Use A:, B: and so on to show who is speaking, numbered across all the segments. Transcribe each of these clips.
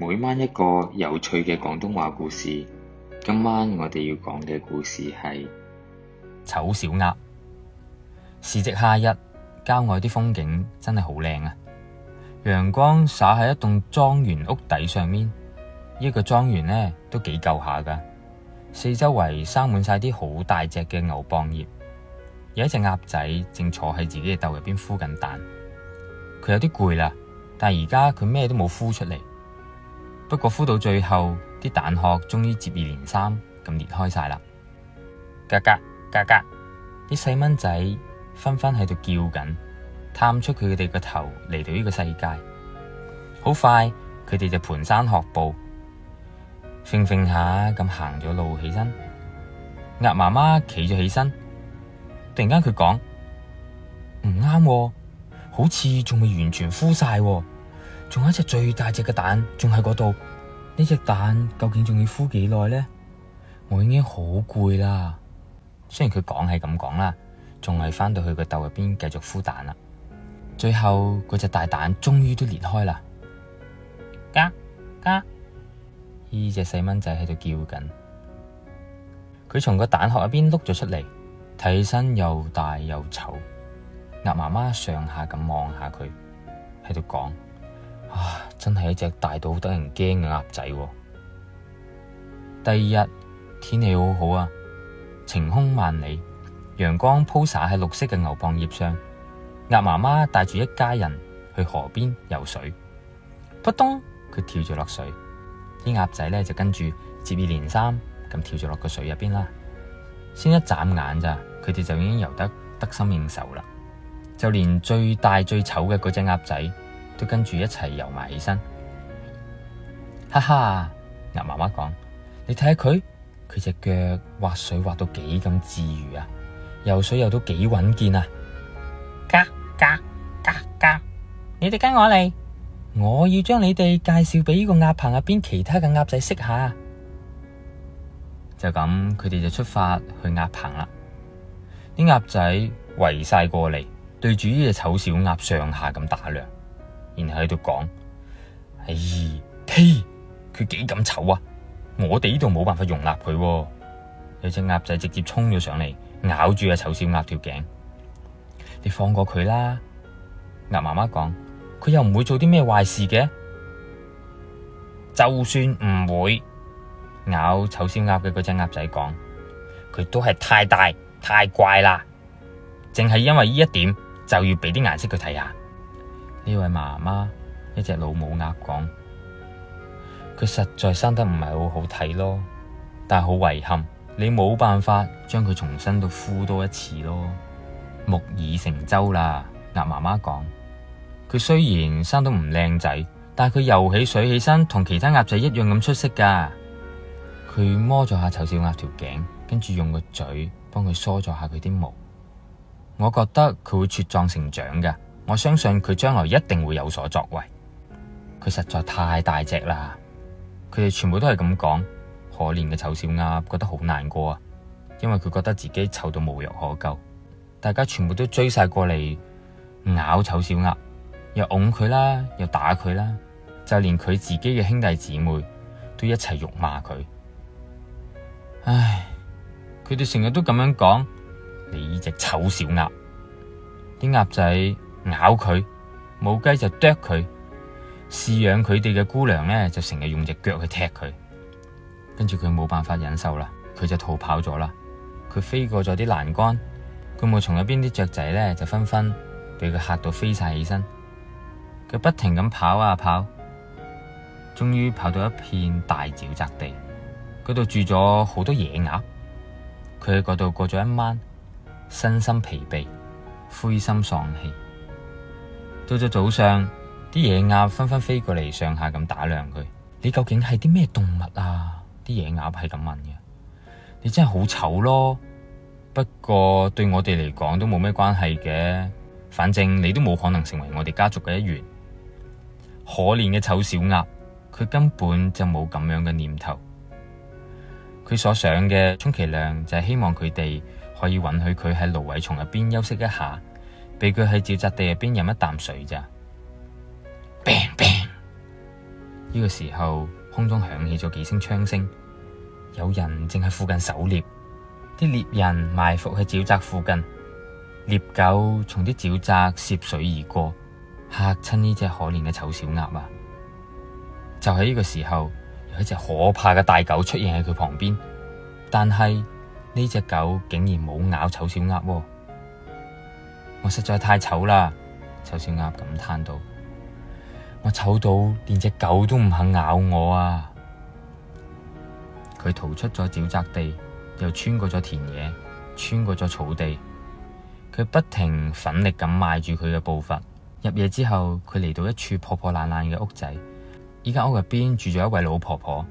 A: 每晚一個有趣嘅廣東話故事，今晚我哋要講嘅故事係醜小鴨。時值夏日，郊外啲風景真係好靚啊！陽光灑喺一棟莊園屋底上面，這個、莊園呢個莊園呢都幾舊下噶，四周圍生滿晒啲好大隻嘅牛蒡葉，有一隻鴨仔正坐喺自己嘅竇入邊孵緊蛋，佢有啲攰啦，但係而家佢咩都冇孵出嚟。不過孵到最後，啲蛋殼終於接二連三咁裂開晒啦！嘎嘎嘎嘎，啲細蚊仔紛紛喺度叫緊，探出佢哋個頭嚟到呢個世界。好快，佢哋就蹣跚學步，揈揈下咁行咗路起身。鴨媽媽企咗起身，突然間佢講：唔啱喎，好似仲未完全孵晒。仲有一隻最大隻嘅蛋，仲喺嗰度。呢隻蛋究竟仲要孵幾耐呢？我已經好攰啦。雖然佢講係咁講啦，仲係返到去個竇入邊繼續孵蛋啦。最後嗰隻大蛋終於都裂開啦！嘎嘎，呢隻細蚊仔喺度叫緊，佢從個蛋殼入邊碌咗出嚟，睇起身又大又醜。鴨媽媽上下咁望下佢，喺度講。啊！真係一隻大到好得人驚嘅鴨仔，啊。第二日，天天氣好好啊，晴空萬里，陽光鋪灑喺綠色嘅牛蒡葉上。鴨媽媽帶住一家人去河邊游水，撲通，佢跳咗落水，啲鴨仔咧就跟住接二連三咁跳咗落個水入邊啦。先一眨眼咋，佢哋就已經游得得心應手啦，就連最大最醜嘅嗰隻鴨仔。都跟住一齊游埋起身，哈哈！鴨媽媽講，你睇下佢，佢隻腳划水滑到幾咁自如啊，游水游到幾穩健啊！嘎嘎嘎嘎！你哋跟我嚟，我要將你哋介紹俾呢個鴨棚入邊其他嘅鴨仔識下。就咁，佢哋就出發去鴨棚啦。啲鴨仔圍晒過嚟，對住呢隻醜小鴨上下咁打量。然後喺度講：哎，佢幾咁醜啊！我哋呢度冇辦法容納佢啊。有隻鴨仔直接衝咗上嚟，咬住阿醜小鴨條頸。你放過佢啦！鴨媽媽講：佢又唔會做啲咩壞事嘅。就算唔會，咬醜小鴨嘅嗰隻鴨仔講，佢都係太大太怪啦。淨係因為呢一點，就要畀啲顏色佢睇下。呢位媽媽，一隻老母鴨講：佢實在生得唔係好好睇咯，但係好遺憾，你冇辦法將佢重新都孵多一次咯。木已成舟啦，鴨媽媽講：佢雖然生得唔靚仔，但係佢游起水起身同其他鴨仔一樣咁出色噶。佢摸咗下醜小鴨條頸，跟住用個嘴幫佢梳咗下佢啲毛。我覺得佢會茁壯成長噶。我相信佢將來一定會有所作為。佢實在太大隻啦，佢哋全部都係咁講，可憐嘅醜小鴨覺得好難過啊，因為佢覺得自己醜到無藥可救。大家全部都追晒過嚟咬醜小鴨，又擁佢啦，又打佢啦，就連佢自己嘅兄弟姊妹都一齊辱罵佢。唉，佢哋成日都咁樣講，你呢隻醜小鴨，啲鴨仔咬佢，母雞就啄佢；飼養佢哋嘅姑娘咧，就成日用隻腳去踢佢。跟住佢冇辦法忍受啦，佢就逃跑咗啦。佢飛過咗啲欄杆，灌木叢入邊啲雀仔咧就紛紛俾佢嚇到飛晒起身。佢不停咁跑啊跑，終於跑到一片大沼澤地，嗰度住咗好多野鴨。佢喺嗰度過咗一晚，身心疲憊，灰心喪氣。到咗早上，啲野鴨紛紛飛過嚟，上下咁打量佢。你究竟係啲咩動物啊？啲野鴨係咁問嘅。你真係好醜咯，不過對我哋嚟講都冇咩關係嘅。反正你都冇可能成為我哋家族嘅一員。可憐嘅醜小鴨，佢根本就冇咁樣嘅念頭。佢所想嘅充其量就係希望佢哋可以允許佢喺蘆葦叢入邊休息一下。畀佢喺沼澤地入邊飲一啖水咋？呢個時候，空中響起咗幾聲槍聲，有人正喺附近狩獵，啲獵人埋伏喺沼澤附近，獵狗從啲沼澤涉水而過，嚇親呢隻可憐嘅醜小鴨啊！就喺呢個時候，有一隻可怕嘅大狗出現喺佢旁邊，但係呢隻狗竟然冇咬醜小鴨啊。我實在太醜啦！醜小鴨感嘆道：我醜到連隻狗都唔肯咬我啊！佢逃出咗沼澤地，又穿過咗田野，穿過咗草地，佢不停奮力咁邁住佢嘅步伐。入夜之後，佢嚟到一處破破爛爛嘅屋仔，依間屋入邊住咗一位老婆婆，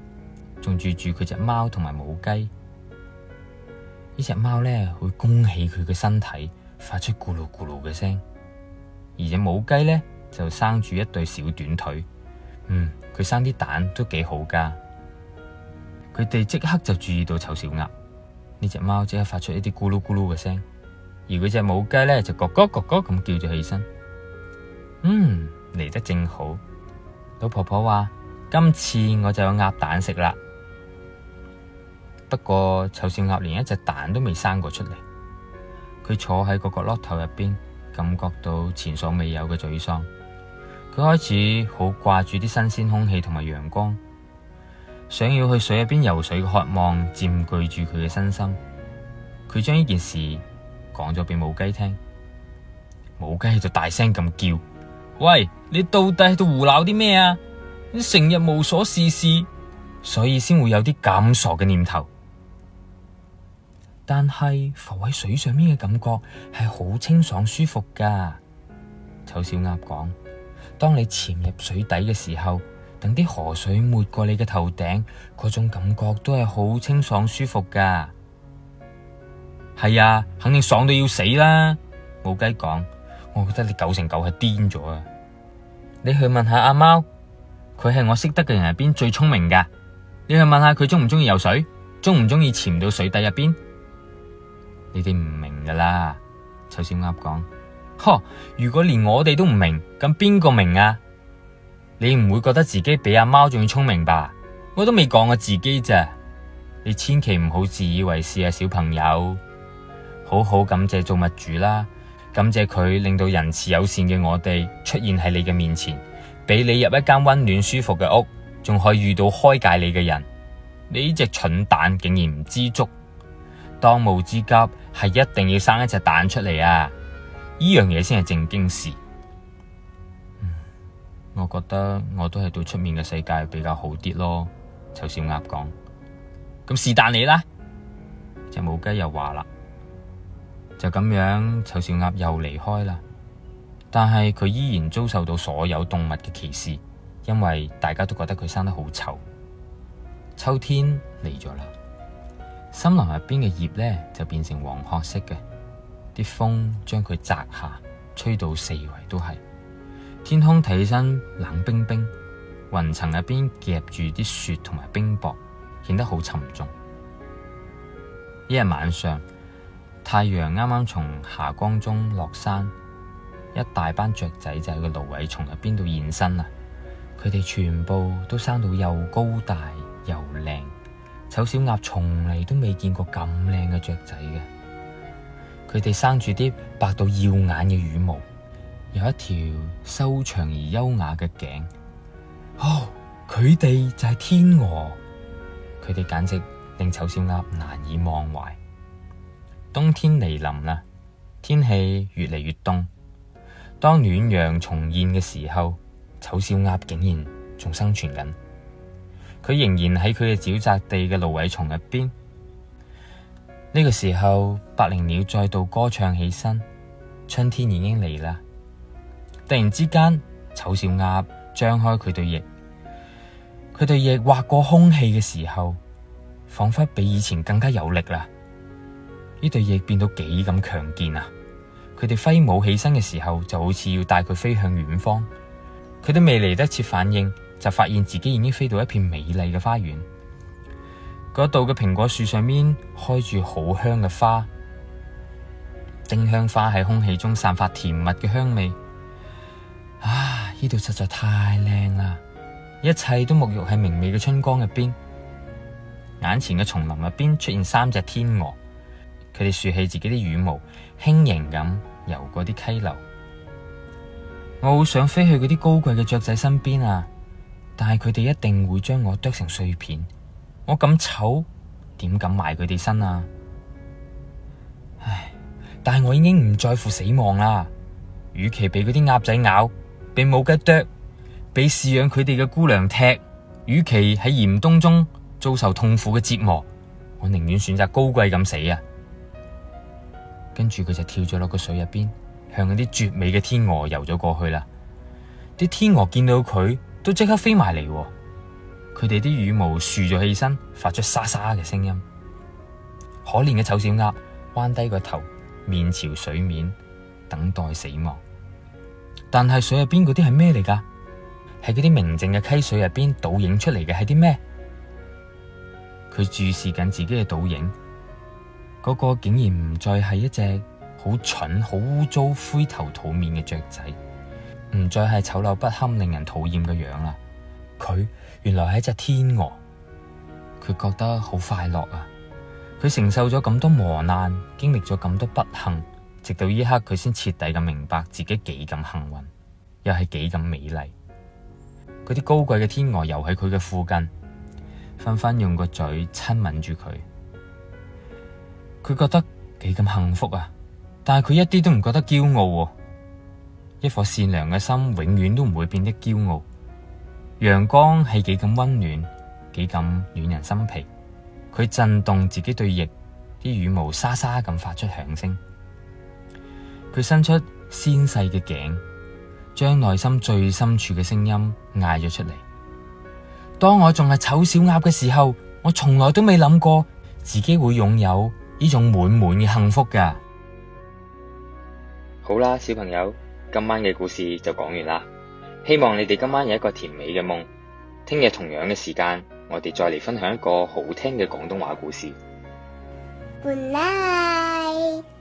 A: 仲住住佢隻貓同埋母雞。呢隻貓咧會攻起佢嘅身體。發出咕嚕咕嚕嘅聲，而隻母雞咧就生住一對小短腿。嗯，佢生啲蛋都幾好噶。佢哋即刻就注意到醜小鴨呢隻貓，即刻發出一啲咕嚕咕嚕嘅聲，而佢隻母雞咧就咕咕咕咕咁叫住起身。嗯，嚟得正好。老婆婆話：今次我就有鴨蛋食啦。不過醜小鴨連一隻蛋都未生過出嚟。佢坐喺個角落頭入邊，感覺到前所未有嘅沮喪。佢開始好掛住啲新鮮空氣同埋陽光，想要去水入邊游水嘅渴望佔據住佢嘅身心。佢將呢件事講咗畀母雞聽，母雞喺度大聲咁叫，喂，你到底喺度胡鬧啲咩啊？你成日無所事事，所以先會有啲咁傻嘅念頭。但係浮喺水上面嘅感覺係好清爽舒服噶。醜小鴨講，當你潛入水底嘅時候，等啲河水抹過你嘅頭頂，嗰種感覺都係好清爽舒服噶。係啊，肯定爽到要死啦。母雞講，我覺得你九成九係癲咗啊。你去問下阿、啊、貓，佢係我識得嘅人入邊最聰明噶。你去問下佢鍾唔鍾意游水，鍾唔鍾意潛到水底入邊。你哋唔明噶啦，醜小鴨講，呵，如果連我哋都唔明，咁邊個明啊？你唔會覺得自己比阿貓仲要聰明吧？我都未講我自己咋。你千祈唔好自以為是啊，小朋友，好好感謝造物主啦，感謝佢令到仁慈友善嘅我哋出現喺你嘅面前，畀你入一間溫暖舒服嘅屋，仲可以遇到開解你嘅人。你呢隻蠢蛋竟然唔知足！當務之急係一定要生一隻蛋出嚟啊！呢樣嘢先係正經事。嗯，我覺得我都係對出面嘅世界比較好啲咯。醜小鴨講，咁是但你啦。隻母雞又話啦。就咁樣，醜小鴨又離開啦。但係佢依然遭受到所有動物嘅歧視，因為大家都覺得佢生得好醜。秋天嚟咗啦。森林入邊嘅葉咧就變成黃褐色嘅，啲風將佢摘下，吹到四圍都係。天空睇起身冷冰冰，雲層入邊夾住啲雪同埋冰雹，顯得好沉重。一日晚上，太陽啱啱從霞光中落山，一大班雀仔仔喺個蘆葦叢入邊度現身啦。佢哋全部都生到又高大又靚。醜小鴨從嚟都未見過咁靚嘅雀仔嘅，佢哋生住啲白到耀眼嘅羽毛，有一條修長而優雅嘅頸。哦，佢哋就係天鵝，佢哋簡直令醜小鴨難以忘懷。冬天嚟臨啦，天氣越嚟越凍。當暖陽重現嘅時候，醜小鴨竟然仲生存緊。佢仍然喺佢嘅沼澤地嘅蘆葦叢入邊。呢個時候，百靈鳥再度歌唱起身，春天已經嚟啦。突然之間，醜小鴨張開佢對翼，佢對翼劃過空氣嘅時候，仿佛比以前更加有力啦。呢對翼變到幾咁強健啊！佢哋揮舞起身嘅時候，就好似要帶佢飛向遠方。佢都未嚟得切反應。就發現自己已經飛到一片美麗嘅花園，嗰度嘅蘋果樹上面開住好香嘅花，丁香花喺空氣中散發甜蜜嘅香味。啊！呢度實在太靚啦，一切都沐浴喺明媚嘅春光入邊。眼前嘅叢林入邊出現三隻天鵝，佢哋豎起自己啲羽毛，輕盈咁游過啲溪流。我好想飛去嗰啲高貴嘅雀仔身邊啊！但係佢哋一定會將我剁成碎片。我咁醜，點敢埋佢哋身啊？唉，但係我已經唔在乎死亡啦。與其被嗰啲鴨仔咬，被母雞剁，被飼養佢哋嘅姑娘踢，與其喺嚴冬中遭受痛苦嘅折磨，我寧願選擇高貴咁死啊。跟住佢就跳咗落個水入邊，向嗰啲絕美嘅天鵝游咗過去啦。啲天鵝見到佢。都即刻飛埋嚟，佢哋啲羽毛豎咗起身，發出沙沙嘅聲音。可憐嘅醜小鴨彎低個頭，面朝水面，等待死亡。但係水入邊嗰啲係咩嚟噶？係嗰啲明淨嘅溪水入邊倒影出嚟嘅係啲咩？佢注視緊自己嘅倒影，嗰個竟然唔再係一隻好蠢、好污糟、灰頭土面嘅雀仔。唔再係醜陋不堪、令人討厭嘅樣啦，啊！佢原來係一隻天鵝，佢覺得好快樂啊！佢承受咗咁多磨難，經歷咗咁多不幸，直到呢刻佢先徹底咁明白自己幾咁幸運，又係幾咁美麗。嗰啲高貴嘅天鵝游喺佢嘅附近，紛紛用個嘴親吻住佢。佢覺得幾咁幸福啊！但係佢一啲都唔覺得驕傲喎。一顆善良嘅心永遠都唔會變得驕傲。陽光係幾咁溫暖，幾咁暖人心脾。佢震動自己對翼，啲羽毛沙沙咁發出響聲。佢伸出纖細嘅頸，將內心最深處嘅聲音嗌咗出嚟。當我仲係醜小鴨嘅時候，我從來都未諗過自己會擁有呢種滿滿嘅幸福噶。好啦，小朋友。今晚嘅故事就講完啦，希望你哋今晚有一個甜美嘅夢。聽日同樣嘅時間，我哋再嚟分享一個好聽嘅廣東話故事。Good night.